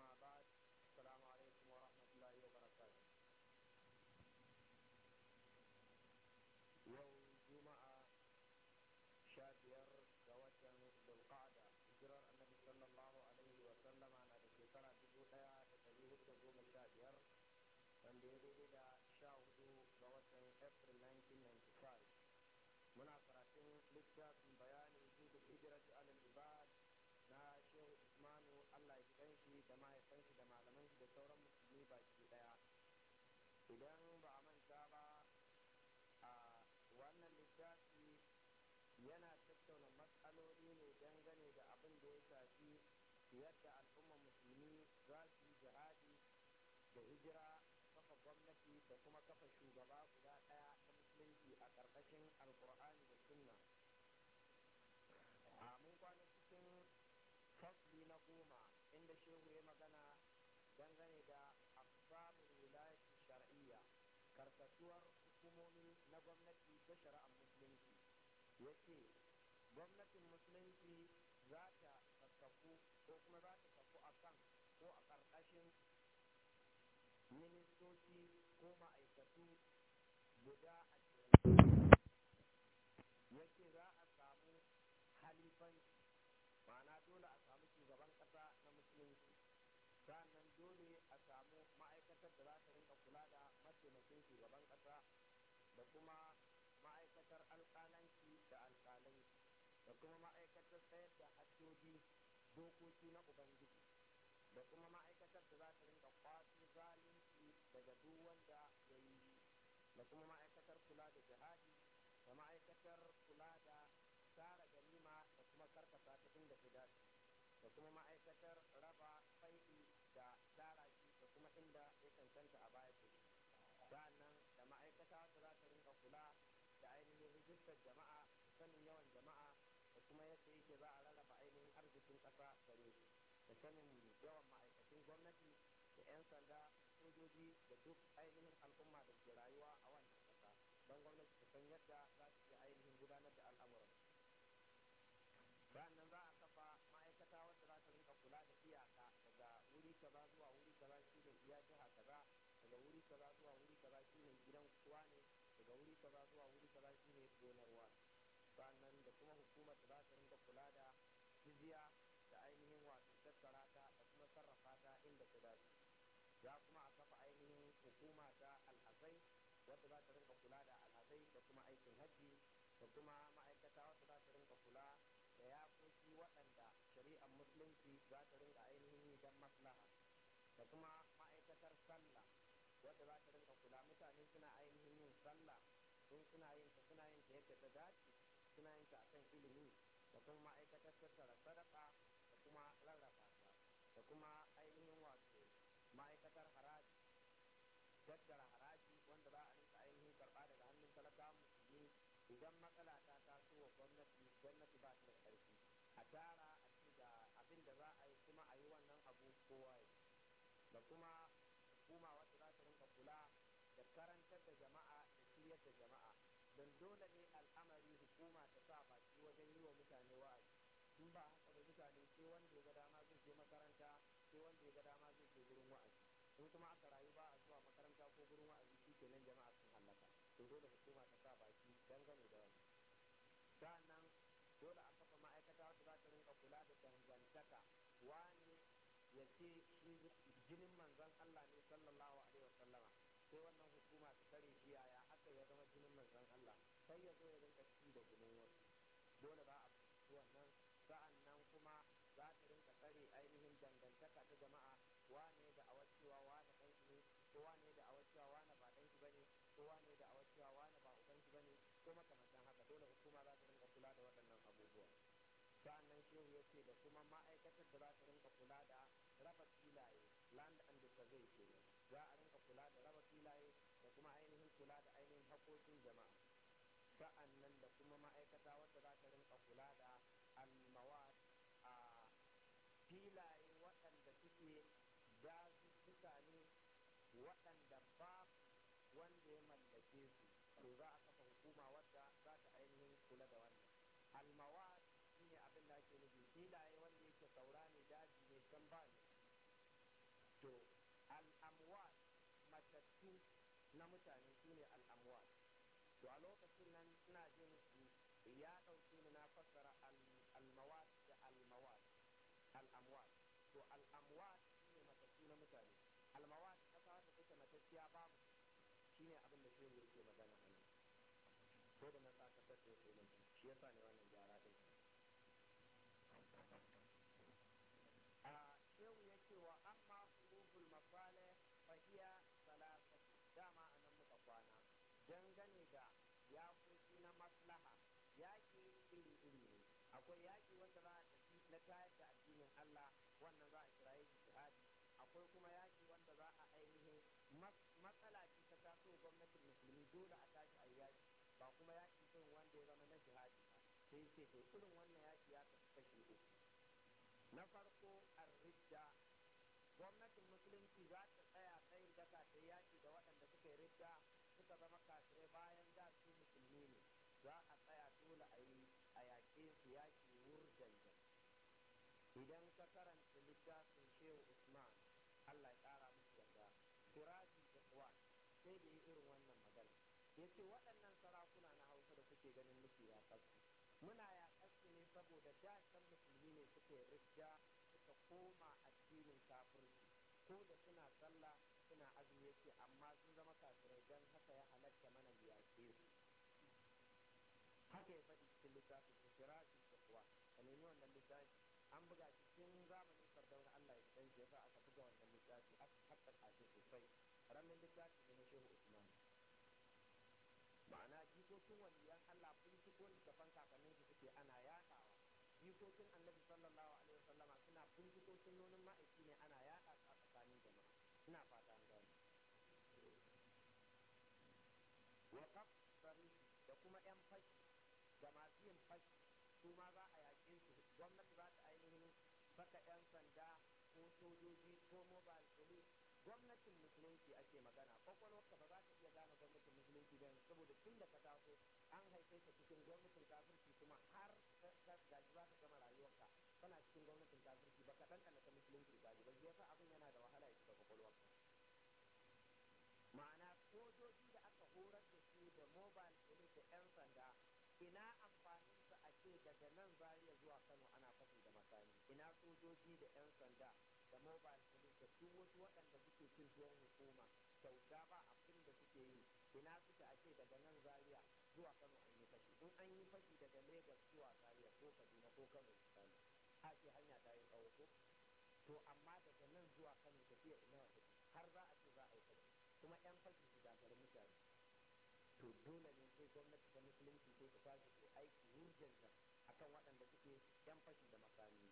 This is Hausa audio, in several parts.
أما بعد السلام عليكم ورحمة الله وبركاته يوم جمعة شابير دوتا بالقعدة جرر النبي صلى الله عليه وسلم أنا بشكرة بدوحة إلى أبريل 1995 لكتاب بيان idan ba a manta ba a wannan littafi yana tattauna matsaloli ne dangane da abin da ya shafi yadda al'ummar musulmi za su jihadi da hijira kafa gwamnati da kuma kafa shugaba guda ɗaya ta musulunci a ƙarƙashin alkur'ani da sunna a mun kwana cikin fasli na goma inda shehu ya magana dangane da haɗuwar hukumomi na gwamnati ta shari'ar musulunci ya ce gwamnatin musulunci za ta kakkafu ko kuma za ta kafu a kan ko a ƙarƙashin ministoci ko ma'aikatu guda ashirin ya ce za a samu halifanci ma'ana dole a samu shugaban ƙasa na musulunci sannan dole a samu ma'aikatar da za ta rinka kula da shugaban ƙasa da kuma ma'aikatar alƙalanci da alƙalai da kuma ma'aikatar sayar da hajjoji dokoki na ubangiji da kuma ma'aikatar da za ta rinka kwato zalunci daga duk wanda ya yi da kuma ma'aikatar kula da jihadi da ma'aikatar kula da tara ganima da kuma karkasa ta inda ta da kuma ma'aikatar raba wadatar jama'a sanin yawan jama'a da kuma yadda yake za a rarraba ainihin arzikin ƙasa gare su da sanin yawan ma'aikacin gwamnati da 'yan sanda sojoji da duk ainihin al'umma da ke rayuwa a wannan ƙasa don gwamnati ta san yadda za su iya ainihin gudanar da al'amuran bayan nan za a kafa ma'aikata wadda za ta rinka kula da iyaka daga wuri kaza zuwa wuri kaza shi ne iya jiha kaza daga wuri kaza zuwa wuri kaza shi ne gidan kuwa ne daga wuri kaza zuwa wuri kaza shi ne gonarwa sannan da kuma hukumar da za ta rinka kula da jiziya da ainihin wato tattara ta da kuma sarrafa ta inda ta dace ya kuma a kafa ainihin hukuma ta alhazai wadda za ta rinka kula da alhazai da kuma aikin hajji da kuma ma'aikata wadda za ta rinka kula da yakoki waɗanda shari'ar musulunci za ta rinka ainihin don maslaha da kuma ma'aikatar sallah wadda za ta rinka kula mutane suna ainihin yin sallah sun suna yin ta yadda ta dace suna yin ta kan ilimi da kuma ma'aikatar tattara sadaka da kuma rarrafa da kuma ainihin wato ma'aikatar haraji tattara haraji wanda za a rinka ainihin karɓa daga hannun talaka musulmi idan matsala ta taso wa gwamnati gwamnati ba ta da ƙarfi a tara a ci da abin da za a yi kuma a yi wannan abu kowa ya da kuma hukuma wacce za ta rinka kula da karantar da jama'a da shiryar da jama'a don dole ne al'amari hukuma ta sa baki wajen yi wa mutane wa'azi in ba haka da mutane sai wanda ya ga dama zai je makaranta sai wanda ya ga dama zai je gurin wa'azi in kuma aka rayu ba a zuwa makaranta ko gurin wa'azi shi kenan jama'a sun hallaka to dole hukuma ta sa baki dangane da wani sa'annan dole a kafa ma'aikata wata za ta rinka kula da dangantaka wani ya ce shi jinin manzon Allah ne sallallahu alaihi wasallama sai wannan sai ya zo ya rinka ci da gumin wasu dole ba a fuskanci nan sa'an nan kuma za ta rinka tsare ainihin dangantaka ta jama'a wane da awacewa wane ɗan shi ne ko wane da awacewa wane ba ɗan shi bane ko wane da awacewa wane ba uban shi bane ko makamantan haka dole hukuma za ta rinka kula da waɗannan abubuwa sa'an nan shehu ya ce da kuma ma'aikatar da za ta rinka kula da raba filaye land and survey kenan za a rinka kula da raba filaye da kuma ainihin kula da ainihin haƙoƙin jama'a sa'an nan da kuma ma'aikata wadda za ta rinka kula da almawa a filaye waɗanda suke dazuzzuka ne waɗanda ba wanda ya mallake su to za a kafa hukuma wadda za ta ainihin kula da wannan shi ne abin da ake nufi filaye wanda yake saura ne daji ne can ba ne to al'amuwa matattu na mutane su ne to a lokacin nan ina jin ya ɗauke ni na fassara almawat da al al'amwat to al shi shine matafi na mutane almawat kasa da take matacciya babu shine abin da shehu yake magana a nan ko da na sa ka tattace shi yasa ne wannan gyara dangane da yaƙoƙi na maslaha yaƙi iri-iri ne akwai yaƙi wanda za a tafi na tayar da addinin Allah wannan za a kiraye jihadi akwai kuma yaƙi wanda za a ainihin matsala ce ta taso gwamnatin musulmi dole a tashi a yaki ba kuma yaƙi irin wanda ya zama na jihadi ba sai ce to irin wannan yaƙi ya tafi kashe uku na farko arridda gwamnatin musulunci za ta za a tsaya dole a yi a yaƙe su yaƙi wurjanja idan ka karanta littafin shehu usman allah ya ƙara musu yarda turaji da kuwa sai da yi irin wannan magana ya ce waɗannan sarakuna na hausa da kuke ganin muke yaƙar su muna yaƙar su ne saboda dashen musulmi ne suke rijja suka koma addinin kafirci ko da suna sallah suna azumi yake amma sun zama kafirai don haka ya haka ya faɗi cikin littafin ikirafi da kuwa ka nemi wannan littafi an buga shi tun zamanin sardauna Allah ya san ya sa aka buga wannan littafi aka haƙƙaƙa shi sosai ranar littafi ne na shehu Usman ma'ana jikokin waliyan Allah sun fito littafan kakannin su suke ana yaɗawa jikokin annabi sallallahu alaihi wasallama suna sun fito sunnonin ma'aiki ne ana yaɗa a tsakanin jama'a suna fata an gani wa kaf da kuma yan fashi da masu yin fashi su ma za a yaƙe su gwamnati za ta ainihin saka 'yan sanda ko sojoji ko mobile police gwamnatin musulunci ake magana kwakwalwarka ba za ta iya gane gwamnatin musulunci ba saboda tun da ka taso an haife ka cikin gwamnatin kafirci kuma har ka gaji za ka gama rayuwarka kana cikin gwamnatin kafirci ba ka ɗanɗana ta musulunci ba ba yasa abin yana da wahala ya shiga kwakwalwarka ma'ana ina amfanin sa a ce daga nan zariya zuwa kano ana fasin da makami ina sojoji da yan sanda da mobile police da duk wasu waɗanda suke cin tuwon hukuma kyauta ba abin da suke yi ina suke a ce daga nan zariya zuwa kano an yi fashi in an yi fashi daga lagos zuwa zariya ko kaduna ko kano misali a ce hanya ta yi tsawo ko to amma daga nan zuwa kano tafiya ina har za a ce za a yi fashi kuma yan fashi su gagara to dole ne sai gwamnati ta musulunci sai ta tashi ko aiki hujjanta akan waɗanda suke yan fashi da makami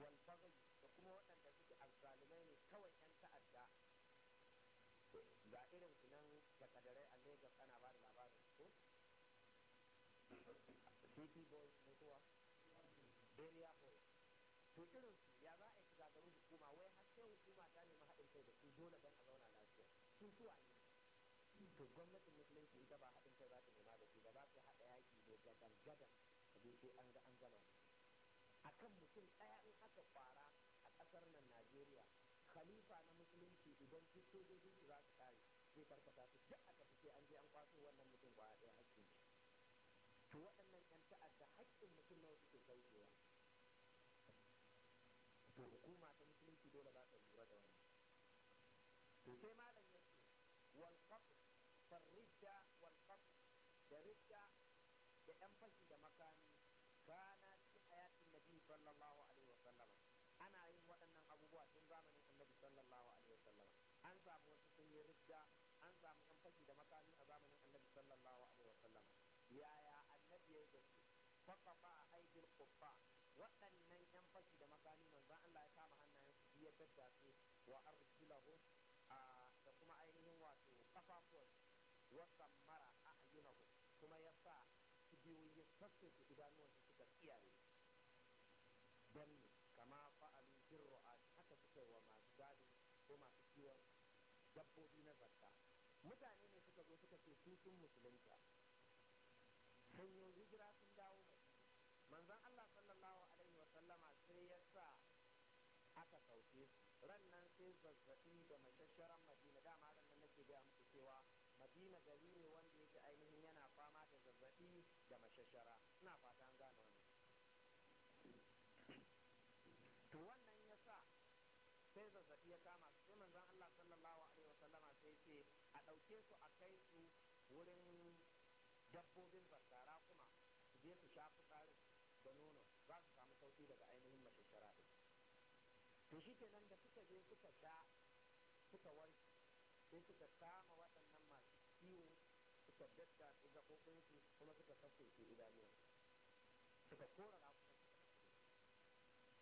wal baghi da kuma waɗanda suke azzalumai ne kawai yan ta'adda ga irin su nan da a Lagos ana ba da labarin ko City Boys ne kuwa Area Boys to irin su ya za a yi shiga garin hukuma wai har sai hukuma ta nemi haɗin kai da su dole don a zauna lafiya sun suwa ne to gwamnatin musulunci ita ba haɗin kai za ta nema da shi ba za ta haɗa yaƙi ne gadan gadan a je sai an ga an gama da shi akan mutum ɗaya in aka kwara a ƙasar nan najeriya khalifa na musulunci idan duk sojojin su za su kare zai karkata su duk aka fi an je an kwaso wannan mutum kwaya ɗaya haƙƙin shi to waɗannan ƴan ta'adda haƙƙin mutum nawa suke kaucewa to hukuma ta musulunci dole za ta lura da wannan to sai ma والردة والقتل الردة da da ɗan fashi da makami rana cikin hayatin nabi sallallahu alaihi wa sallama ana yin waɗannan abubuwa tun zamanin annabi sallallahu alaihi wa sallama an samu wasu sun yi ridda an samu ɗan fashi da makami a zamanin annabi sallallahu alaihi wa sallama yaya annabi ya yi da su faƙafa a aibin kuffa waɗannan ɗan fashi da makami manzon Allah ya kama hannayen su biyar da wa arjulahum a wasammara ahyunahum kuma ya sa kibiyoyin sassansu su suka tsiyaye don ne kama fa'alu jirro a haka suka wa masu gado ko masu kiwon dabbobi na zarta mutane ne suka zo suka ce su sun musulunta sun yi hijira sun dawo madina manzon Allah sallallahu alaihi wa sallama sai ya sa aka sauke su ran nan sai zazzabi da mai shasharan madina dama ran nan nake gaya muku madina gari ne wanda yake ainihin yana fama da zazzaɓi da mashashara ina fata an wannan to wannan ya sa sai zazzaɓi ya kama su sai manzon Allah sallallahu alaihi wa sallama sai ce a ɗauke su a kai su wurin dabbobin zazzara kuma su je su sha fitsarin da nono za su samu sauki daga ainihin mashashara ɗin to shi kenan da suka je suka sha suka warke sai suka kama waɗannan ciwo suka dadda su gaɓoɓinsu kuma suka sassauce idanuwa suka kora rafukan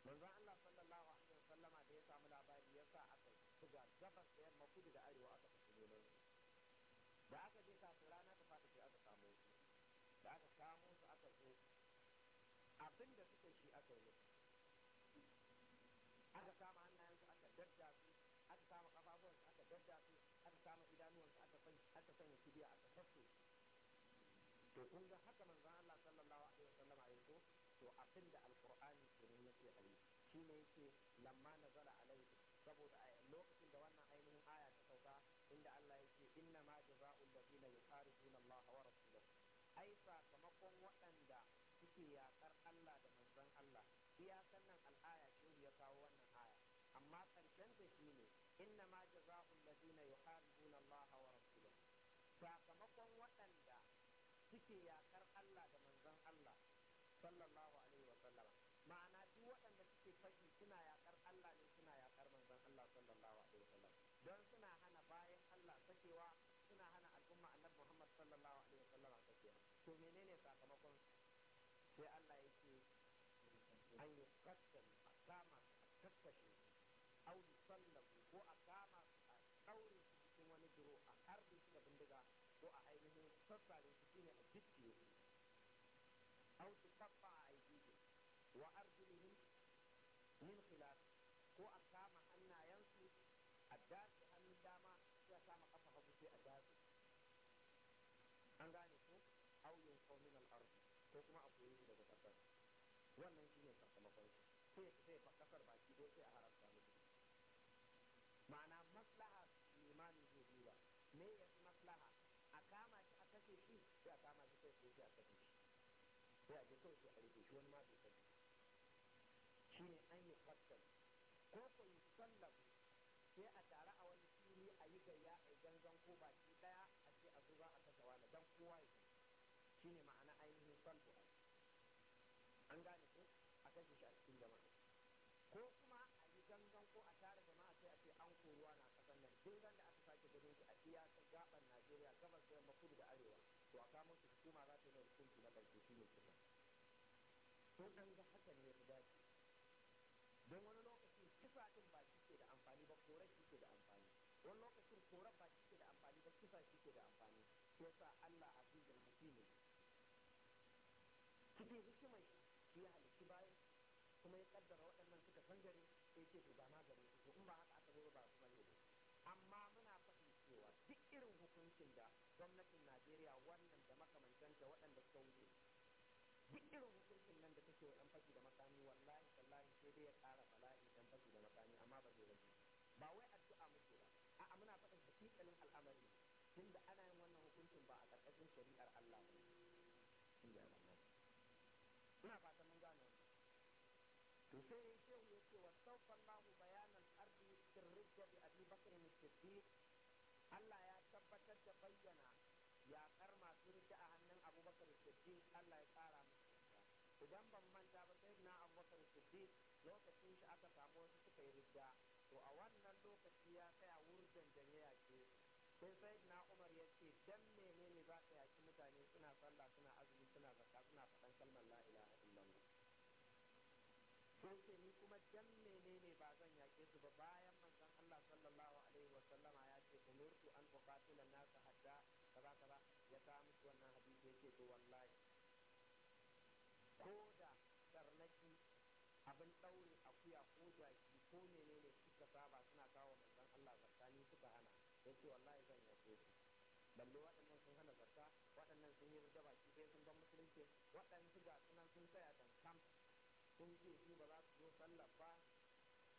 manzo Allah sallallahu alaihi wa sallama da ya samu labari ya sa aka buga gabas da yamma kudu da arewa aka tafi neman da aka je kafin rana ta fata sai aka samu su da aka samu su aka zo abin da suka shi aka yi aka samu hannayensu aka dadda su aka samu kafafuwansu aka dadda su aka kama idanuwansu tafiya a kasarsu to kun ga haka manzon Allah sallallahu alaihi wasallama ya so to abin da alqur'ani kenan yake a yi shine yake lamma nazala alaihi saboda lokacin da wannan ainihin aya ta sauka inda Allah yake inna ma jazaa'u alladhina yuharibuna Allah wa rasulahu ai sakamakon waɗanda suke yakar Allah da manzon Allah iyakan nan al'aya ce ya kawo wannan aya amma karshen ta shine inna ma jazaa'u alladhina rasuluhu? sakamakon waɗanda suke yakar Allah da manzon Allah sallallahu alaihi wa sallama ma'ana duk waɗanda suke faɗi suna yakar Allah ne suna yakar manzon Allah sallallahu alaihi wa sallam don suna hana bayan Allah sakewa suna hana al'umma annabi Muhammad sallallahu alaihi wa sallama sakewa to menene sakamakon sai Allah yake an yi kattal a kama a au yusallabu ko a kama ko a ainihin sassare su shine a gicciye su aw tuqaffa aydihim wa arjuluhum min khilaf ko a kama hannayensu a dace hannun dama sai a kama kafa hagu sai a dace an gane ko ko kuma a koyi shi. daga kasar wannan sakamakon kasar baki dai sai a haramta musu ma'ana maslaha limanin zai ba me sai a kama shi kai sai a kashe shi sai a je kawai sai a rufe shi wani ma bai sani shi ne an yi fattal ko ko yi sallabu sai a tara a wani fili a yi gayya a yi gangan ko ba shi daya a ce a zo za a kashe wani dan kowa ya shi ne ma'ana ainihin sallu an gane ko a kashe shi a cikin jama'a ko kuma a yi gangan ko a tare jama'a sai a ce an koruwa na kasan nan duk da aka sake gudun a iyakar gaban najeriya gabas da yamma kudu to a kama su hukuma za ta yi hukunci na ƙarshe shi ne kusa sun an ga hakan ne ku dace don wani lokacin kisa ɗin ba shi ke da amfani ba korar shi ke da amfani wani lokacin korar ba shi ke da amfani ba kisa shi ke da amfani shi sa Allah a cikin hakimi cikin hikimar shi ya halitti bayan kuma ya kaddara waɗannan suka san gare sai ce to ba maganin su in ba haka aka zo ba kuma zai amma muna faɗi duk irin hukuncin da gwamnatin najeriya wannan da makamantanta waɗanda suka wuce duk irin hukuncin nan da take wa ɗan fashi da makami wallahi tallahi sai dai ya ƙara bala'i ɗan fashi da makami amma ba zai rage ba wai addu'a muke ba a'a muna faɗin hakikalin al'amari tunda ana yin wannan hukuncin ba a ƙarƙashin shari'ar Allah ba ina fatan mun gane to sai shehu ya ce wa sauƙan lahu bayanan arzi sirrin bi abi bakr siddiq Allah ya tabbatar da bayyana yaƙar masu rike a hannun abubakar siddiq Allah ya tsara musu idan ban manta ba sai na abubakar siddiq lokacin shi aka samu wasu suka yi rigga to a wannan lokaci ya tsaya wurin da ya yaƙe sai sai na umar ya ce dan menene za ka yaƙi mutane suna sallah suna azumi suna zakka suna faɗan kalmar la ilaha illallah sai ce ni kuma dan menene ba zan yaƙe su ba bayan manzon Allah sallallahu alaihi wa ya umirtu an uqatila an-nas hatta kaza kaza ya kawo musu wannan hadisi yake to ko da tarnaki abin ɗaure akuya ko jaki ko menene suka saba suna kawo manzon Allah zakani suka hana yace wallahi zan yafe su balle waɗannan sun hana zarta waɗannan sun yi da baki sai sun ban musulunci su ga sunan sun tsaya kam sun ce su ba za su zo sallah ba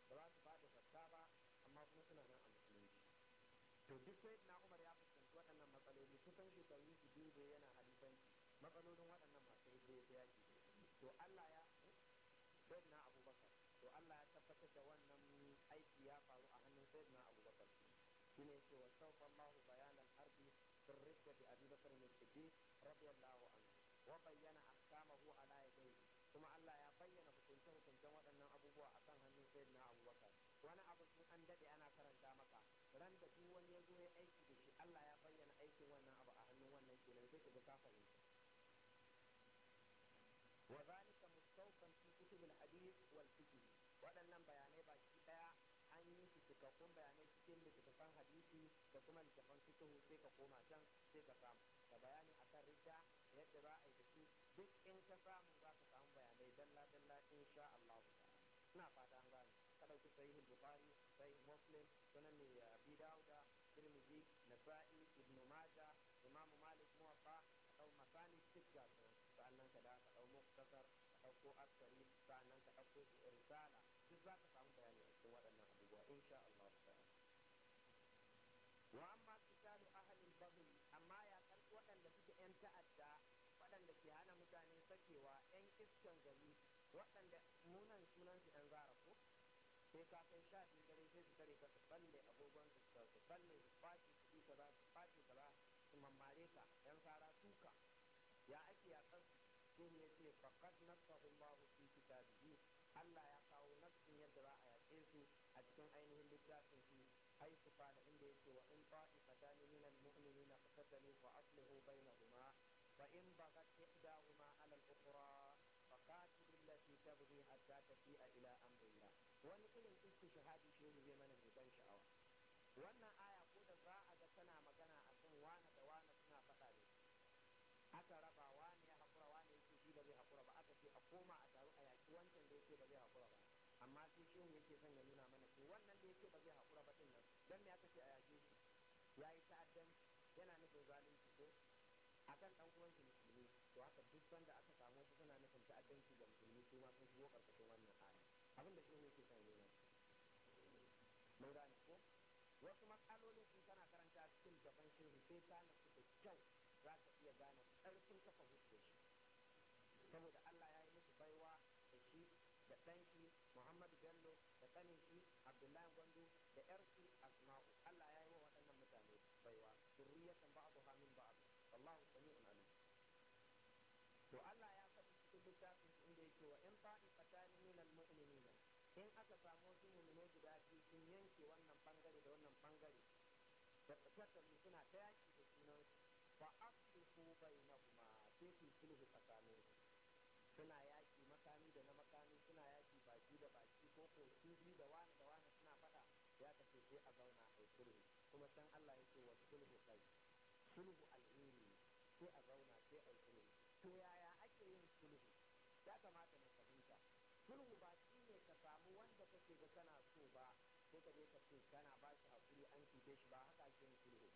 ba za su ba da to duk sai na umar ya fuskanci waɗannan matsaloli kusan shekaru su biyu da yana halifanci matsalolin waɗannan masu rigo ya yaki to Allah ya sai abubakar to Allah ya tabbatar da wannan aiki ya faru a hannun sai na abubakar shi ne ce wa Allah bayanan harbi sun rikta da abubakar mai shigi radiyallahu anhu wa bayyana ahkamahu ala yadayhi kuma Allah ya bayyana hukunce-hukuncen waɗannan abubuwa akan hannun sayyidina Abubakar wani abu sun an daɗe ana karanta maka ran da duk wani su ga ka fahimta wa zalika mustawfan fi kutub hadith wal fiqh waɗannan bayanai baki daya an yi su cikakkun bayanai cikin littattafan hadisi da kuma littattafan fiqh sai ka koma can sai ka samu da bayani akan rida yadda za a yi duk in ka samu za ka samu bayanai dalla dalla insha Allah ina fata an gane ka sai sahihul bukhari sahih muslim sunan ne abi dauda tirmidhi nasa'i ibn majah Ko asari sa'annan ka ɗauko risala duk za ka samu bayani a cikin waɗannan abubuwa insha Allah ta'ala wa amma kitalu ahlil baghl amma ya karɓi waɗanda suke yan ta'adda waɗanda ke hana mutane sakewa yan iskan gari waɗanda munan sunan su yan zara ko sai ka kai sha biyu dare sai su tare ka su balle abubuwan su su balle su kwace kuɗi kaza su kwace kaza su mammare ka yan fara tuka ya ake yakan su al ya ne ce faqad nasahu Allah fi kitabihi Allah ya kawo nasin yadda za a yaƙe su a cikin ainihin littafin su ai su fara inda yake wa in ta'ifatani min al-mu'minina fatatalu fa aslihu bainahuma fa in bagat ihdahuma ala al-ukhra faqatil allati tabghi hatta tafi'a ila amrillah wani irin istishhadi shi ne zai mana ban sha'awa wannan aya ko da za a ga tana magana akan wane da wane suna faɗa ne aka rabawa amma sai shi yake son ya nuna mana to wannan da yake ba zai haƙura ba nan don me aka ce a yaƙi shi ya yi ta'addan yana nufin zalunci ko kan ɗan uwan shi musulmi to haka duk wanda aka samu wasu suna nufin ta'addanci da musulmi su ma sun shigo ƙarƙashin wannan aya abin da shi yake son nuna mun gane ko wasu matsalolin sun kana karanta cikin gaban shehu sai ta nasu da kyau za ka iya gane ƙarfin kafa hujjar shi saboda Allah ya yi musu baiwa da shi da ɗanki kanin shi abdullahi gwando da yarsu asma'u allah ya yi wa waɗannan mutane baiwa zurriyatan ba'daha min ba'd wallahu sami'un alim to allah ya faɗi cikin littafin inda yake wa in ta'ifatani min almu'minina in aka samu wasu mu'minai guda biyu sun yanke wannan bangare da wannan bangare da tattaru suna ta yaki da junansu fa aslihu bainahuma sai ku sulhu tsakaninsu suna yaki makami da na biyu da wani da wani suna faɗa ya kace sai a zauna a sulhu kuma san Allah yake wa sulhu kai sulhu al'iri sai a zauna sai a sulhu to yaya ake yin sulhu ya kamata mu fahimta sulhu ba shi ne ka samu wanda kake da kana so ba ko ka je ka ce kana ba shi hakuri an cuce shi ba haka ake yin sulhu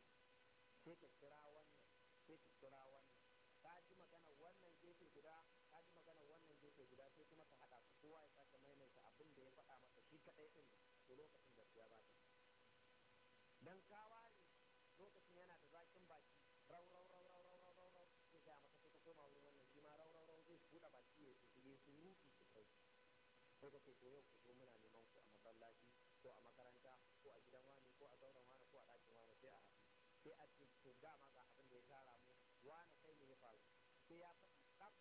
sai ka kira wannan sai ka kira wannan ka ji magana wannan gefe guda ka ji magana wannan gefe guda sai kuma ka haɗa su kowa ya sake maimaita to lokacin gaskiya ba ta dan ka ware lokacin yana da zakin baki rau rau rau rau rau rau rau sai ga maka sai ka koma wurin wannan shi ma rau rau rau zai buɗe baki ya ce ya surutu su kai sai ka ce to yau ku zo muna neman ku a masallaci ko a makaranta ko a gidan wani ko a zauren wani ko a ɗakin wani sai a haɗu sai a ce to dama ga abin da ya tara mu wani kai ne ya faru sai ya faɗi tsaf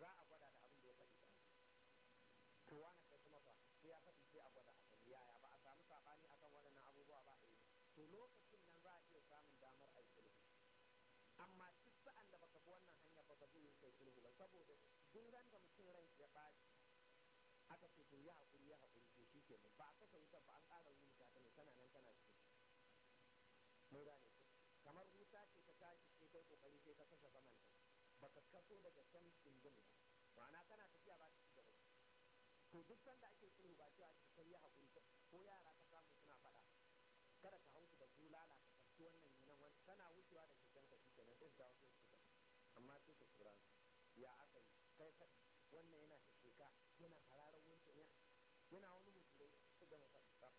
za a gwada da abin to lokacin nan za a iya samun damar a yi sulhu amma duk sa'an da baka bi wannan hanya ba ka zai kai sulhu ba saboda duk ran da mutum ran ya ɓaci aka ce to ya haƙuri ya haƙuri to shi ke ba a kasa wutar ba an ƙara rubuta ta ne tana nan tana cikin mun gane ku kamar wuta ce ta tashi sai kai kokari sai ka kasa saman ta baka kaso daga can dingin ba ma'ana kana tafiya ba ta ci gaba to duk sanda ake sulhu ba cewa kai ya haƙuri ko yara ka kada ka hausu da bulala ka tafi wannan yunan wani tana wucewa da keken ka shike nan duk da wasu su amma sai ka kura ya aka yi kai ka wannan yana da sheka yana hararar wancan ya yana wani mutum su gama faɗi ba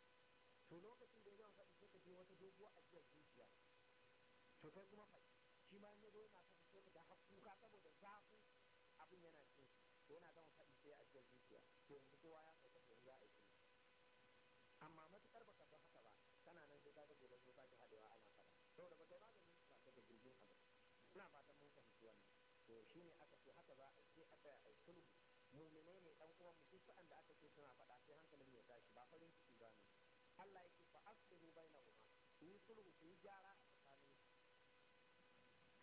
to lokacin da ya gama faɗi sai ka je wata doguwa ajiyar zuciya to kai kuma faɗi shi ma ya zo yana faɗi sai ka da hakuka saboda zafin abin yana cin to yana gama faɗi sai ajiyar zuciya to yanzu kowa ya faɗi to yanzu ya aiki amma matuƙa saboda ba ta magani ba ta jirgin abu ina fatan mun fahimci wannan to shi ne aka ce haka za a ce aka yi sulhu muminai ne dan uwan mu duk da aka ce suna faɗa sai hankalin ya tashi ba farin ciki ba ne Allah yake fa aslihu bainahuma ku yi sulhu ku yi gyara a tsakanin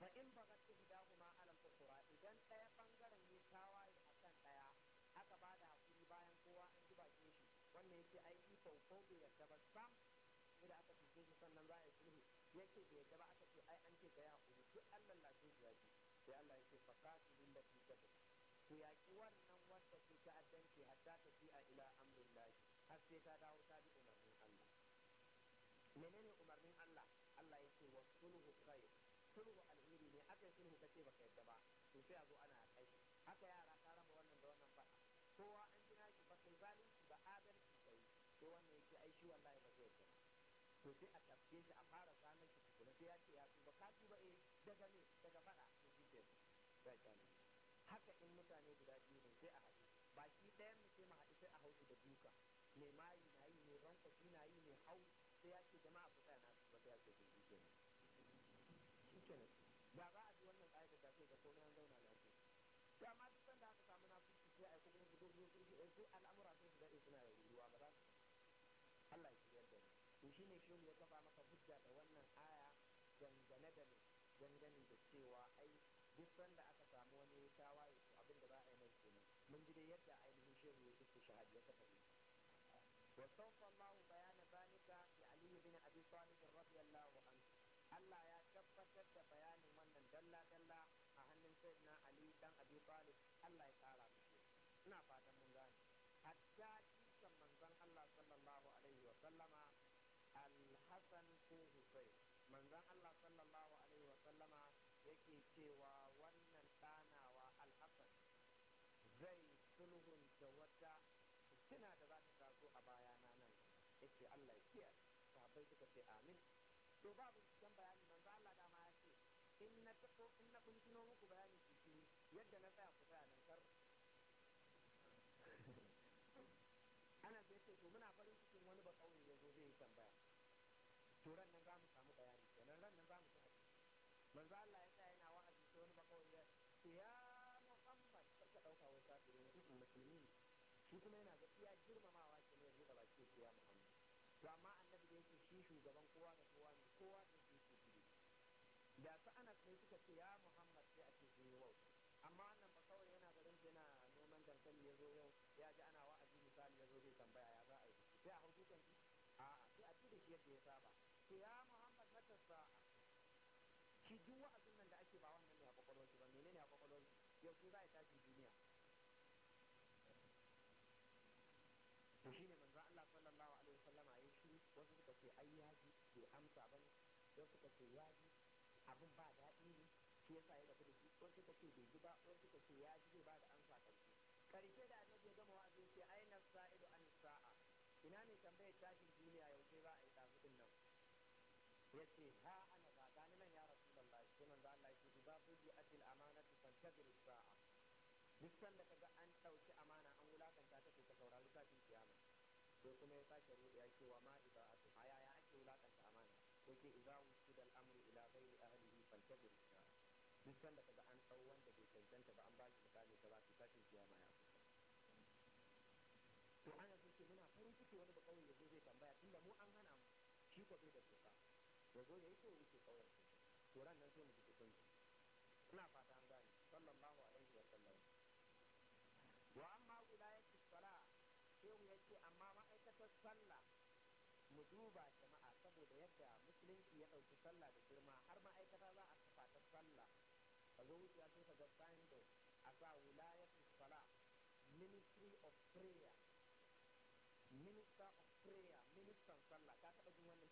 fa in bagat ihdahuma ala al-ukhra idan ɗaya bangaren ne tawaye akan ɗaya aka bada hakuri bayan kowa an ji bakin shi wannan yake aiki iko ko bai yarda Yake ce bai yadda ba aka ce ai an ce ka yi duk an lallashe shi ya ce sai Allah ya ce fa qatilul lati tad'u ku yaƙi wannan wanda ke ta'addanci hatta ta fi a ila amrin har sai ta dawo ta bi umarnin Allah menene umarnin Allah Allah ya ce wa sulhu khair sulhu alheri ne aka yi sulhu kace baka yadda ba to sai a zo ana kai haka yara ta raba wannan da wannan kowa an jina shi ba kai zalunci ba adalci kai to wannan yake ai shi wallahi ba zai yadda to sai a tafke shi a fara zanen shi tukuna sai ya ce ya tuba ka tuba eh daga ne daga fada to shi ke ba kyale haka in mutane guda biyu ne sai a haɗu ba shi ɗayan mu sai mu haɗu sai a hausu da duka mai mayi na yi mai ranka shi na yi mai hau sai ya ce jama'a ku tsaya na tuba sai ya ce to shi ke shi ke ba za a ji wannan ayata ta ce ga komai an zauna lafiya da ma duk sanda aka samu na fuski sai a yi kuma gudun ruwa sai al'amura sai su daɗe suna ruwa ba za su Allah ya to shi ne shehu ya kafa maka hujja da wannan aya dangane da ne dangane da cewa ai duk sanda aka samu wani tawaye to abin da ba a yi mai kenan mun ji dai yadda ainihin shehu ya kike shahadi ya kafa wa sawfa Allah bayana zalika li Ali ibn Abi Talib radiyallahu anhu Allah ya tabbatar da bayanin wannan dalla dalla a hannun sayyidina Ali dan Abi Talib Allah ya kara mishi ina fatan mun gane hatta cikin manzon Allah sallallahu alaihi wa sallama Hassan ko Hussein manzon Allah sallallahu alaihi wa sallama yake cewa wannan ɗanawa al-Hassan zai da wata fitina da za ta taso a bayana nan yace Allah ya kiyaye sahabbai suka ce amin to babu cikin bayani manzo Allah dama ya ce in na in na muku bayani ciki yadda na tsaya ku tsaya nan to nan za mu samu bayani kenan ran nan za mu samu manzo Allah ya tsaya yana wa'azi sai wani bako ya ce ya Muhammad ka dauka wai kafiri ne kuma musulmi ne shi kuma yana ga iya girmamawa ke ne buɗe baki ce ya Muhammad to amma annabi da yake shi shugaban kowa da kowa ne kowa da shi ke gudu da ta ana sai suka ce ya Muhammad sai a ce yi wau amma wannan ba yana garin yana neman dankali ya zo yau ya ji ana wa'azi misali ya zo zai tambaya ya za a yi sai a hau dukan a'a sai a ci da shi yadda ya saba ce ya Muhammad Sa'a ki duk wa'azin nan da ake ba wannan ne a kwakwalwar ki ba menene a kwakwalwar ki yau za a tashi duniya to ne manzo Allah sallallahu alaihi wasallam ya shi wasu suka ce ai yaji bai amsa bane wasu suka ce yaji abin ba daɗi ne shi yasa ya tafi da shi wasu suka ce bai ji ba wasu suka ce yaji zai ba da amsa karshe karshe da annabi ya gama wa'azin ce aina sa'idu an sa'a ina ne tambayar tashin duniya yau ya ce ha ana ba gani nan ya rasu lallahi sai manzo Allah ya ce ba buji atil amanatu fantazir sa'a duk sanda kaga an ɗauki amana an wulakanta ta to ka saurari safin kiyama sai kuma ya sake ruɗe ya ce wa ma iba atu a yaya ake wulakanta amana ko ke idza wusida al-amru ila ghairi ahlihi fantazir sa'a duk sanda kaga an ɗau wanda bai cancanta ba an ba shi misali ka ba su safin kiyama ya fi to ana so ce muna farin ciki wani ba kawai yanzu zai tambaya tunda mu an hana mu shi ko bai da ba ya zo ya yi so ya rike kawai to ran nan sai mu ji kai ina fata an gane sallallahu alaihi wa sallam wa amma wilayatu sala shehu ya ce amma ma'aikatar sallah mu duba jama'a saboda yadda musulunci ya ɗauki sallah da girma har ma'aikata za a kafa ta sallah ka zo wuciya sai ka ga sign da a sa wilayatu sala ministry of prayer minister of prayer ministan sallah ka taɓa jin wannan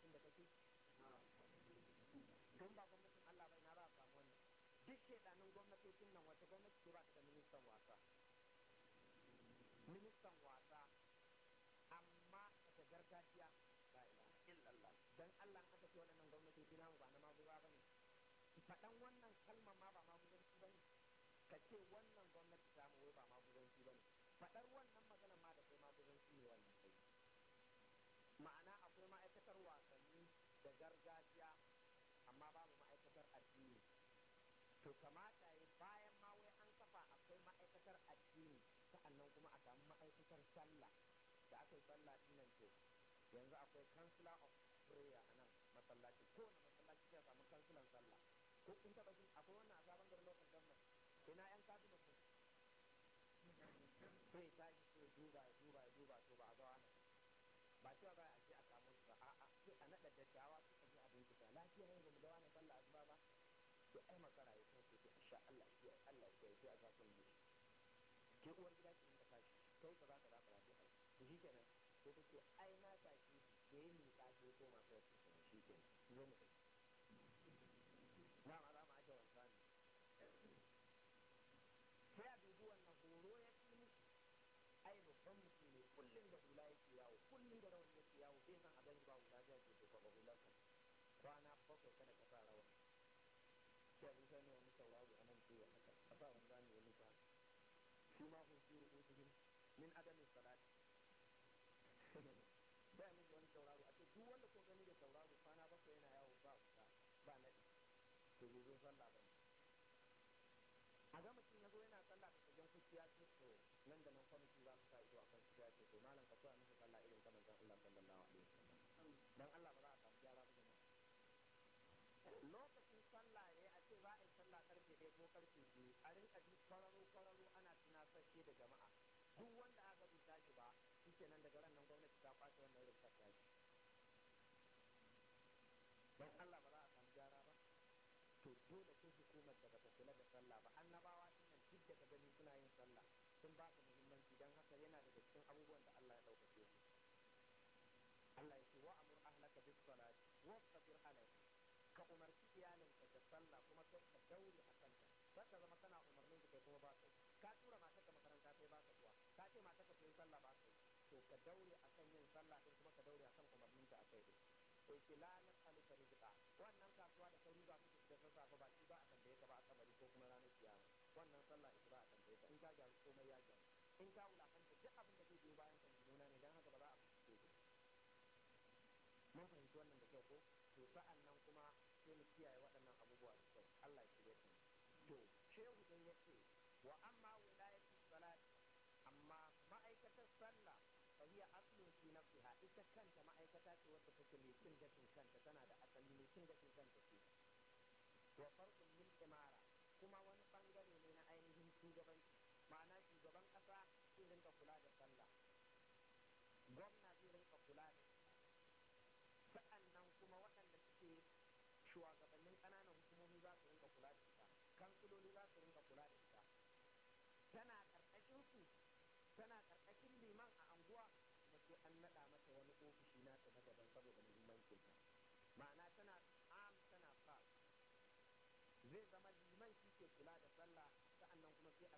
ce shaidanin gwamnatocin nan wata gwamnati ce ba ta da ministan wasa ministan wasa amma ta gargajiya Ba ilaha illallah dan Allah aka ce wannan gwamnatoci namu ba na ba bane faɗan wannan kalmar ma ba ba bane ka ce wannan gwamnati ta mu ba ba bane faɗar wannan magana ma da kai maguzanci ne wannan kai ma'ana akwai ma'aikatar wasanni da gargajiya to kamata ya bayan ma wai an kafa akwai ma'aikatar addini sa'annan kuma a samu ma'aikatar sallah da aka yi sallah din nan to yanzu akwai councilor of prayer a nan masallaci ko na masallaci ya samu kansilan sallah ko kun taba jin akwai wannan a sabon garin lokacin sai ina yan kasu da su sai ta ji sai duba ya duba ya duba to ba a zawa nan ba cewa ba a ce a samu su ba a'a sai a naɗa dattawa suka ji abin kusa lafiya ne ba mu ga wani sallah azuba ba to ai makara ya Allah ya Allah ya sai a ga kun ke uwar gida ka tashi kai ka baka to shikenan sai ai na tashi da yin ce ko ma shikenan zo mu na ma za mu aje sai a dubi wannan horo ya ci ai babban mutum ne kullum da hula yake yawo kullum da rawar yake yawo sai san a gani ba hula zai ko ba kwana bakwai kada ka sa rawar sai a dubi ne wani mahin fi ru'usihim min adamin wani sauraro a ce duk wanda ko gani da sauraro kwana bakwai yana yawo ba ba ba nadi to zo a ga mutum yana sallah da kajan kuciya ce to nan da nan kwamiti za su sa ido a kan kuciya ce to malam ka koya musu sallah irin kamar zan duk wanda aka rubuta shi ba shi nan daga ranar nan gwamnati ta kwace wannan rubuta ta shi don Allah ba za a samu gyara ba to dole sai hukumar da ta kula da sallah ba annabawa din nan duk daga gani suna yin sallah sun ba su muhimmanci don haka yana daga cikin abubuwan da Allah ya ɗaukace su Allah ya ce wa amur ahlaka bis salati wastabir alayha ka umarci ka da sallah kuma ka dauri a ta. sai ka zama kana umarnin da kuma ba ka tura masa ce mata ka yi sallah ba kai to ka daure akan yin sallah din kuma ka daure akan umarnin ta akai din to ce la na tsalika rizqa wannan kasuwa da sauri ba kake da sassa ba baki ba a tambaye ka ba a kabari ko kuma ranar kiyama wannan sallah ita ba a tambaye ka in ka gyaru komai ya gyaru in ka wulakanta duk abin da zai biyo bayan ka nuna ne dan haka ba za a fice ka mun fahimci wannan da kyau ko to sa'an nan kuma sai mu kiyaye waɗannan abubuwa da kyau Allah ya shirye to shehu dai yace wa amma wilayat hiya aslun na fiha. ita kanta ma'aikata ce wadda take mai cin gashin kanta tana da asali mai cin gashin kanta ce wa farqun min imara kuma wani bangare ne na ainihin shugabanci ma'ana shugaban kasa zai rinka kula da sallah gwamna zai rinka kula da sa'annan kuma waɗanda suke shugabannin ƙananan hukumomi za su rinka kula da ita kansiloli za su rinka kula da ita tana ƙarƙashin su tana ƙarƙashin liman a ma'ana tana am tana fa zai zama liman shi ke kula da sallah sa'annan kuma sai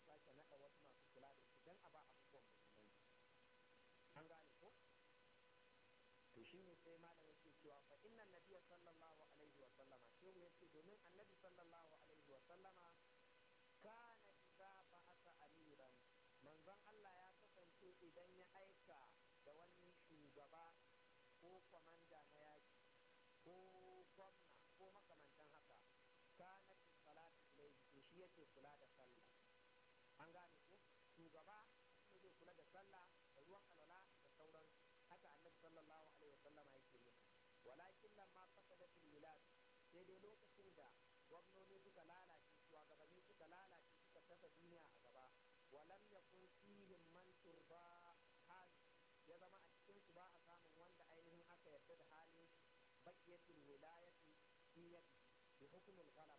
a sake naɗa wasu masu kula da shi don a ba abubuwan musulmanci an gane ko to shi ne sai malam yake cewa fa innan nabiyya sallallahu alaihi wa sallama shehu yace domin annabi sallallahu alaihi wa sallama kana idza ba'atha amiran manzon Allah ya kasance idan ya aika da wani shugaba ko kwamanda na yaki ko gwamna ko makamantan haka kanat salatu ilayhi to shi yake kula da sallah an gane ko shugaba shi zai kula da sallah da ruwan alwala da sauran haka annabi sallallahu alaihi wasallam yake yi walakin lamma fasadat milad sai dai lokacin da gwamnoni suka lalace shugabanni suka lalace suka saka duniya a gaba walam yakun fihim man turba mahiyatul wilayati fi yadihi bi hukmul sai ya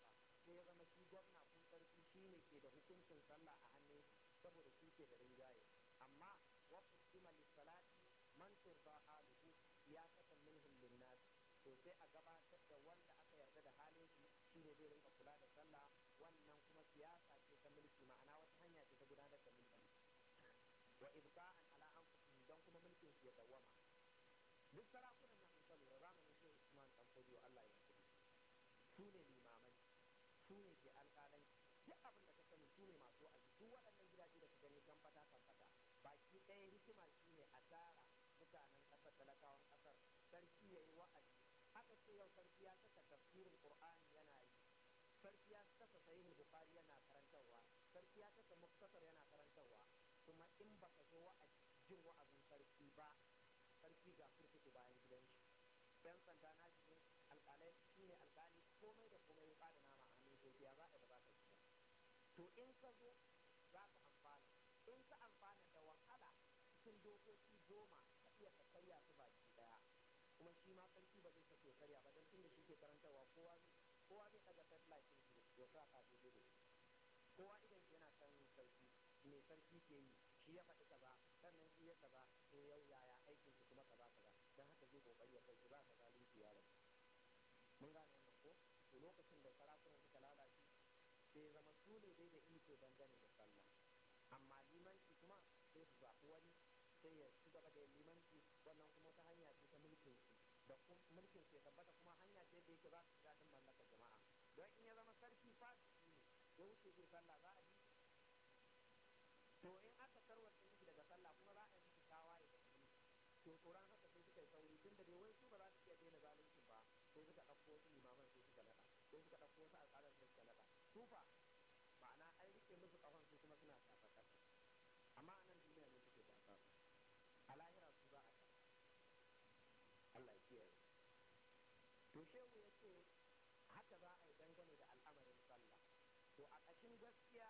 zama shi gwamna ko sarki ne ke da hukuncin sallah a hannu saboda shi ke da rinjaye amma wasu kima lissalati man turba haluhu ya kasan minhum linnas to sai a gabatar da wanda aka yarda da halin shi ne zai rinka kula da sallah wannan kuma siyasa ce ta mulki ma'ana wata hanya ce ta gudanar da mulki wa ibqa'an ala anfusihim dan kuma mulkin su ya dawwama duk sarakunan to Allah ya kudi su ne limamai su ne ke alƙalai duk abin da ka sani su ne masu aji duk waɗannan gidaje da ka gani kan fata kan fata baki ɗaya hikima shi ne a tsara mutanen ƙasar talakawan ƙasar sarki ya yi wa'azi Haka ce yau sarki ya saka tafsirin ƙur'ani yana yi sarki ya saka sahihul bukhari yana karantarwa sarki ya saka muktasar yana karantarwa kuma in ba ka zo wa'azi jin wa'azin sarki ba sarki ga ku bayan gidan shi dan sanda na shi alƙalai shine ne komai da komai ya kada nama a hannun sai za a ba ka shi to in ka zo za ka amfana in ka amfana da wahala cikin dokoki goma ka iya ka karya su baki daya kuma shi ma sarki ba zai sake karya ba don tunda shi ke karantarwa kowa ne kowa zai daga satellite ɗin shi ya sa ka zo da kowa idan yana kan sarki me sarki ke yi shi ya faɗi kaza sannan shi ya kaza to yau yaya aikin su kuma kaza kaza don haka zai kokari ya kai ba ka zalunci yaron mun gane wannan ko to lokacin da sarakunan suka lalace sai zama su ne dai da iko dangane da sallah amma limanci kuma sai su zaɓi wani sai ya ci gaba da limanci wannan kuma ta hanya ce ta mulkin su da mulkin su ya tabbata kuma hanya ce da yake ba su daɗin mallakar jama'a don in ya zama sarki fasiki ne ya wuce zai sallah za a bi to in aka tarwatsa miki daga sallah kuma za a yi miki tawaye da to tsoron haka ko suka ɗauko wasu al'adar da suka laɓa su fa ma'ana an riƙe musu ƙafan su kuma suna shafa amma a nan duniya ne suke shafa a lahira su za a shafa Allah ya kiyaye to shehu ya ce haka za a yi dangane da al'amarin sallah to a ƙashin gaskiya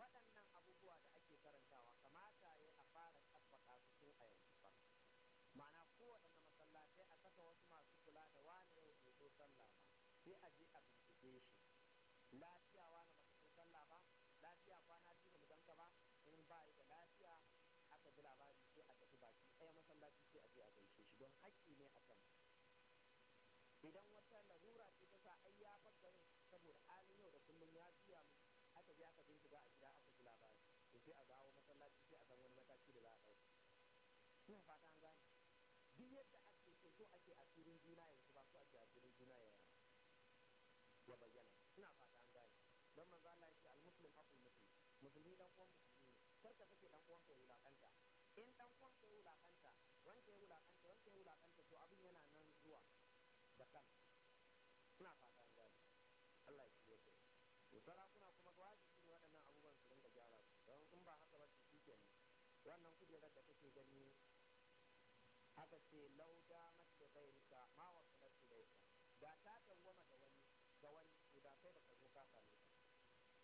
waɗannan abubuwa da ake karantawa kamata ya a fara tabbaka su tun a yanzu ba ma'ana kowaɗanne masallatai a saka wasu masu kula da wani yau ke zo sallah ba sai a je a bincike shi lafiya wani ba su sallah ba lafiya kwana biyu da mutanka ba in ba da lafiya aka ji labari sai a tafi baki ɗaya masallaci sai a je a gaishe shi don haƙƙi ne a kan idan wata larura ce ta sa ai ya fakkare saboda halin yau da kullum ya biya mu aka je aka bincika a gida aka ji labari to sai a dawo masallaci sai a san wani mataki da za a ɗauka ina fata an gane duk yadda ake so ake filin juna yanzu ba so ake filin juna yanzu ya bayyana ina fata an gane don manzo Allah yake al-muslim aqul muslim musulmi dan uwan musulmi ne kar ka kace dan uwan ka ya wulakanta in dan uwan ka ya wulakanta wanke ya wulakanta wanke ya wulakanta to abin yana nan zuwa da kan ina fata an gane Allah ya kiyaye ku to sarakuna kuma ga wajibi ne waɗannan abubuwan su dinga gyara su don in ba haka ba su shike ne wannan kujerar da kake gani haka ce lauda mace bainka ma wasu lasu da ta tangwama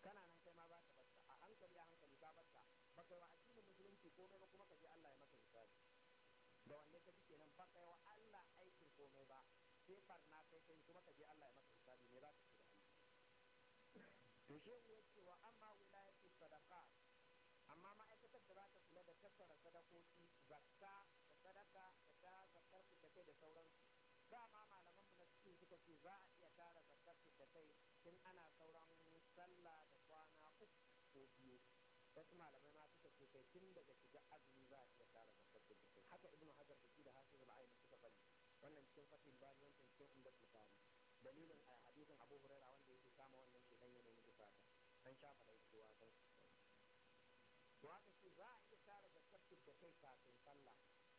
kana nan kai ma za ka barta a hankali a hankali ka barta ba kai wa addinin musulunci komai ba kuma ka je Allah ya maka hisabi da wanne ka ji nan ba kai wa Allah aikin komai ba sai farna kai kai kuma ka je Allah ya maka hisabi ne za ka ci da to shehu ya ce wa amma wilayatu sadaqa amma ma'aikatar da za ta kula da tattara sadakoki zakka da sadaka da ta zakkar da kai da sauransu dama malaman mu na cikin suka ce za a iya tara zakkar da kai tun ana wasu malamai ma suka ce kai tun daga shiga azumi ba a iya tara zakatun da haka ibnu hajar da shi da hasu da ma'aikata suka bari wannan cikin fasil bani wancan cikin inda bukari dalilin a eh, hadisin abu huraira wanda yake kama wannan shi dan yanayin bukata an shafa da yake wasan wata shi za a iya tara zakatun da kai kafin sallah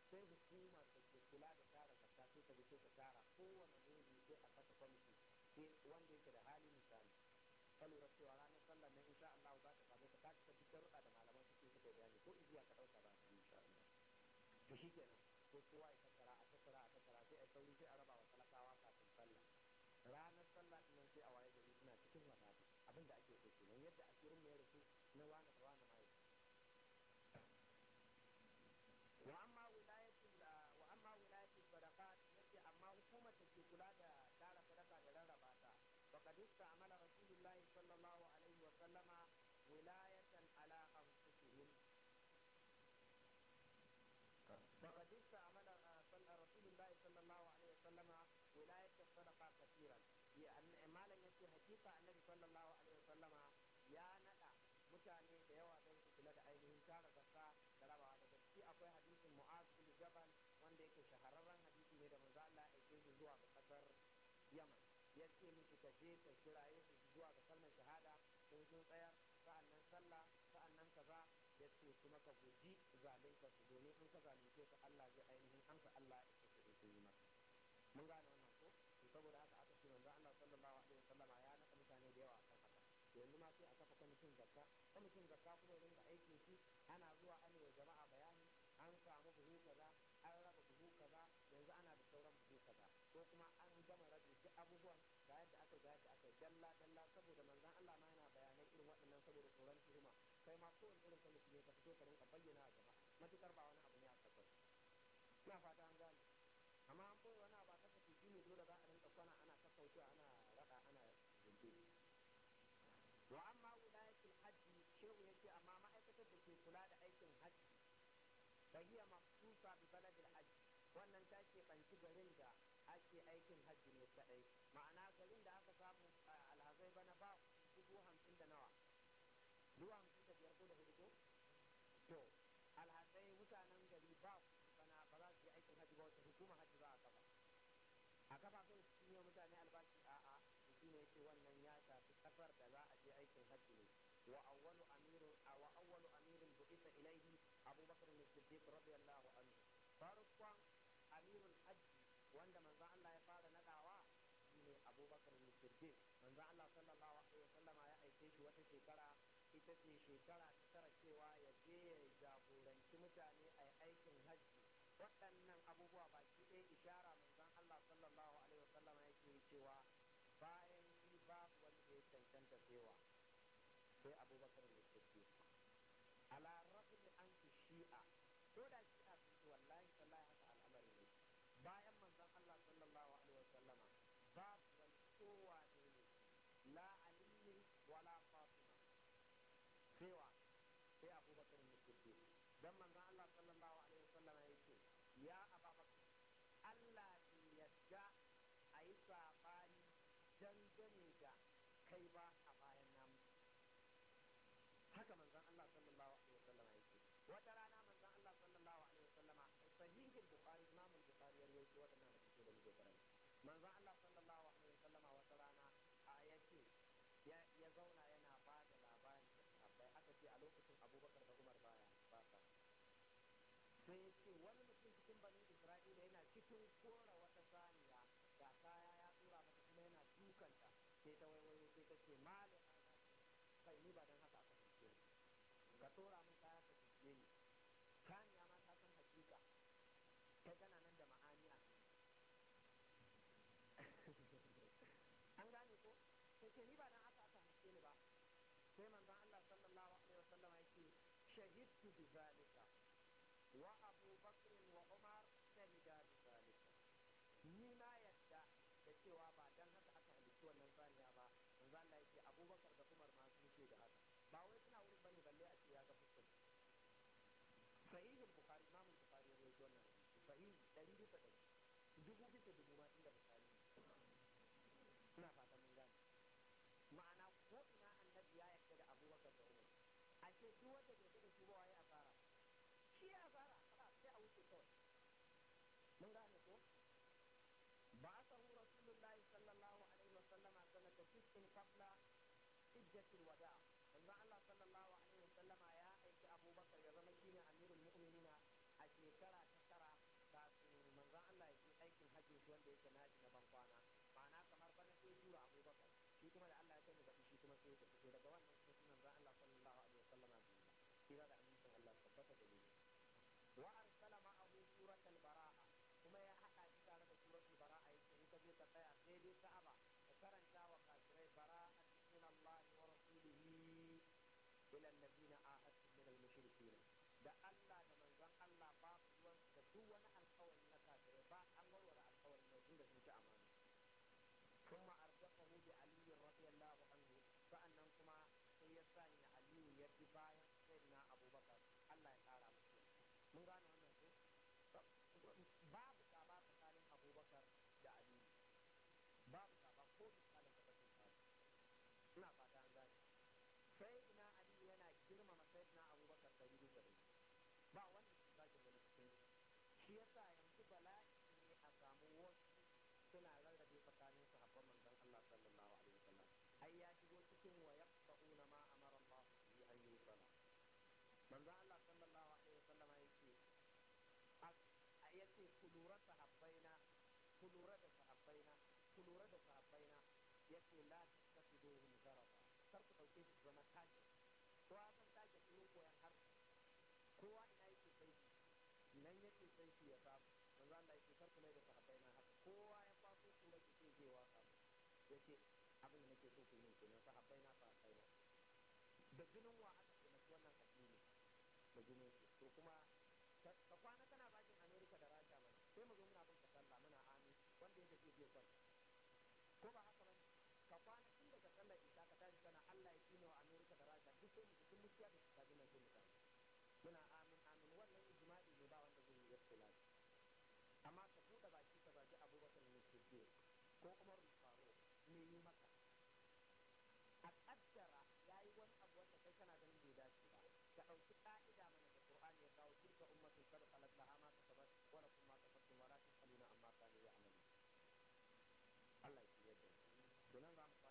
sai hukumar da ke kula da tara zakka sai ta fito ta tara kowane wuri sai a saka kwamiti sai wanda yake da hali misali ka lura cewa ranar sallah ne insha Allah za ta ko igiya ka ɗauka ba su insha Allah to shi kenan ko kowa ya tattara a tattara a tattara sai a sauri sai a raba wa talakawa kafin sallah ranar sallah ɗin sai a waye gari suna cikin wata abinda ake so kenan yadda a kirin mu ya rasu na wani فقد استعمل رسول الله صلى الله عليه وسلم ولاية الصدقة كثيرا ما لم يكن حقيقة النبي صلى الله عليه وسلم يا ندى mutane da yawa don su kula da ainihin tara zakka da rabawa da gaske akwai hadisin mu'az bin jabal wanda yake shahararren hadisi ne da manzo Allah ya kai zuwa ga kasar yaman yace ce miki ka je ka kiraye su zuwa ga kalmar shahada sun sun tsaya kuma ka guji zalunta su domin in ka zalunce ka Allah zai ainihin an ka Allah ya isa su yi maka mun gane wannan ko to saboda haka aka ce manzo Allah sallallahu alaihi wasallam ya naka mutane da yawa akan haka yanzu ma sai a kafa kwamitin zakka kwamitin zakka kuma ya aikin shi ana zuwa ana yi jama'a bayani an samu buhu kaza an raba buhu kaza yanzu ana da sauran buhu kaza ko kuma an gama rabi duk abubuwan da yadda aka ga yadda aka dalla dalla saboda manzo kai ma kowane irin ka musulmi ka fito ka rinka bayyana a gaba matukar ba wani abu ne a kasar ina fata an gane amma an koyi wani abu a kasa su ne dole za a rinka kwana ana kakkauce ana raka ana zunbe wa amma wilayatul hajji shehu yace amma ma'aikatar da ke kula da aikin hajji fahiya maqsusa bi baladil hajji wannan ta ke banci garin da ake aikin hajji ne kadai ma'ana garin da aka samu alhazai bana ba dubu hamsin da nawa dubu hamsin to alhazai mutanen gari ba bana ba za su yi aikin hajji ba wata hukuma hajji za a kafa a kafa sun mutane albashi a shi ne ce wannan ya shafi kafar da za a je aikin hajji ne wa awwalu amirin wa awwalu amirin bu'isa ilaihi abubakar siddiq radiyallahu anhu farkon amirul hajji wanda manzo Allah ya fara nadawa shine abubakar ne siddiq manzo Allah sallallahu alaihi wasallama ya aike shi wata shekara take shekara ta tara cewa ya je ya jagoranci mutane a aikin hajji waɗannan abubuwa ba baki ɗaya ishara manzon Allah sallallahu alaihi wasallam yake cewa bayan shi babu wanda ya cancanta cewa sai abubakar ne take ala rafi an shi'a ko da shi'a sun ce wallahi wallahi haka al'amari ne bayan manzon Allah sallallahu alaihi wasallama babu cewa sai abu bakar ne kuke dan manzon Allah sallallahu alaihi wasallam ya ce ya ababakar Allah bai yadda a yi sabani dangane da kai ba a bayan namu haka manzon Allah sallallahu alaihi wasallam ya ce wata rana manzon Allah sallallahu alaihi wasallama sahihin bukhari imam bukhari ya rawaito wata da suke da muke karanta manzon Allah sallallahu alaihi wasallama wata rana a ce ya zauna ya sai ya ce wani mutum cikin bani isra'ila yana cikin kora wata saniya da kaya ya tura mata kuma yana dukanta sai ta waiwayo sai ta ce malu kai ni ba don haka aka fice ni ka tura min kaya ka fice ni saniya ma ta san hakika ta gana nan da ma'ani a an gane ko sai ce ni ba don haka aka fice ni ba sai manzon Allah sallallahu alaihi wasallam yake shahidtu bi zalika وأبو بكر وعمر شهد بذلك نيما يدى da cewa ba dan haka aka halicci wannan saniya ba manzo Allah yake Abubakar da Umar ma sun ce da haka ba wai suna wurin bane balle a ce ya ga fuskar sahihul bukhari imam bukhari ya rawaito wannan sahih dari bisa dari dubu bisa dubu ma inda bukhari ina fatan mun gane ma'ana ko ina annabi ya yarda da abu Abubakar da Umar ashe duk wanda bai yarda da shi ba wai ya asara sai a wuce kawai mun gane ko ba a sahu rasulullahi sallallahu alaihi wa sallama ta, fiskun kabla hijjatul wada manzo Allah sallallahu alaihi wa sallama ya aiki Abubakar ya zama shine amirul mu'minina a shekara ta tara ba su manzo Allah ya yi aikin hajji wanda yake naji na bankwana ma'ana kamar bana sai tura Abubakar shi kuma da Allah ya sani da shi kuma sai ya tafi daga wannan sunan manzo Allah sallallahu alaihi wa sallama wa arsala ma'ahu suratul bara'a kuma ya haɗa shi tare da suratul bara'a yake in ka je ka tsaya sai dai ka'aba ka karanta wa kafirai bara'a min Allah wa rasulihi ila alladhina ahadtu min al-mushrikeen da Allah da manzon Allah ba su ruwan da duk wani alƙawari na kafirai ba an warware alƙawarin nan tunda sun ci amana ثم أرزقه بعلي رضي الله عنه فأنكما سيسان علي يتبايا mun gane wannan ko babu gaba tsakanin abubakar da Ali, babu gaba ko misalin da bakin samu ina fata an gane sai ina aliyu yana girmama sai ina abubakar da biyu da biyu ba wanda su zaki da cikin shi yasa yanzu bala'i ne a samu wasu suna rarrabe tsakanin sahabban manzon Allah sallallahu alaihi wasallam ai ya shigo cikin wa yaqta'una ma amara Allah bi an yusala manzon Allah sallallahu ku lura da sahabbaina ku lura da sahabbaina yace la tasiduhum garaba kar ku dauke su zama tashi to a san tashi ne koyan har kowa ina yake tsaiki nan yake tsaiki ya samu manzo Allah yake kar ku mai da sahabbaina haka kowa ya kwaso su da kike zai waka yace abin da nake so ku yi kenan sahabbaina sahabbaina da jinin wa aka taimaki wannan addini da jinin su to kuma ka kwana kana bakin America da Rasha ba sai mu zo muna bin sai ka ce zai ko ba haka ka kwana tun daga sallar isa ka tashi sana Allah ya tsine wa Amerika da Rasha duk sai mutum sun mutuwa da kaji nan sai mutane muna amin amin wannan ijma'i ne ba wanda zai yi ikhtilafi amma ka buɗe baki ka zaki Abubakar ne Siddiq ko kuma Faruk ne yi maka to nan za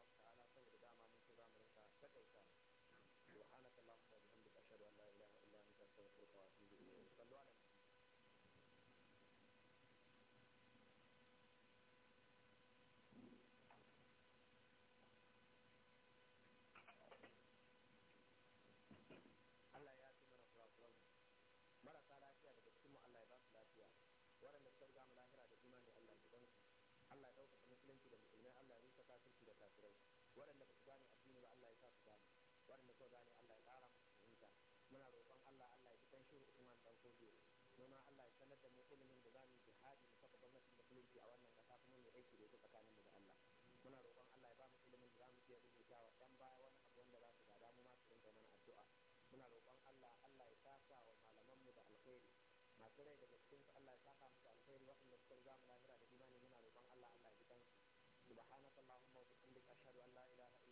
mu kwana insha Allah ta'ala saboda dama mun ce za mu rinka takaita subhanaka allahumma wa bihamdika ashhadu an la ilaha illa anta astaghfiruka wa atubu ilayk sallu ala marasa lafiya daga cikin mu Allah ya ba su lafiya waɗanda suka riga mu lahira da imani Allah ya ji Allah ya ɗauka musulunci da musulunci waɗanda ba su gane addini ba Allah ya sa su gane waɗanda suka gane Allah ya ƙara musu fahimta muna roƙon Allah Allah ya shiru shi Usman dan Kodiyo noma Allah ya sanar da mu ilimin da zamu jihadi mu saka da musulunci a wannan ƙasa kuma mu aiki da ita tsakanin mu da Allah muna roƙon Allah ya ba mu ilimin da zamu iya rubutawa dan baya wani abu wanda za su gada mu ma su rinka mana addu'a muna roƙon Allah Allah ya saka wa malaman mu da alkhairi masu rai da cikin Allah ya saka musu alkhairi waɗanda suka riga mu lahira da موقف بك أشهد أن لا إله إلا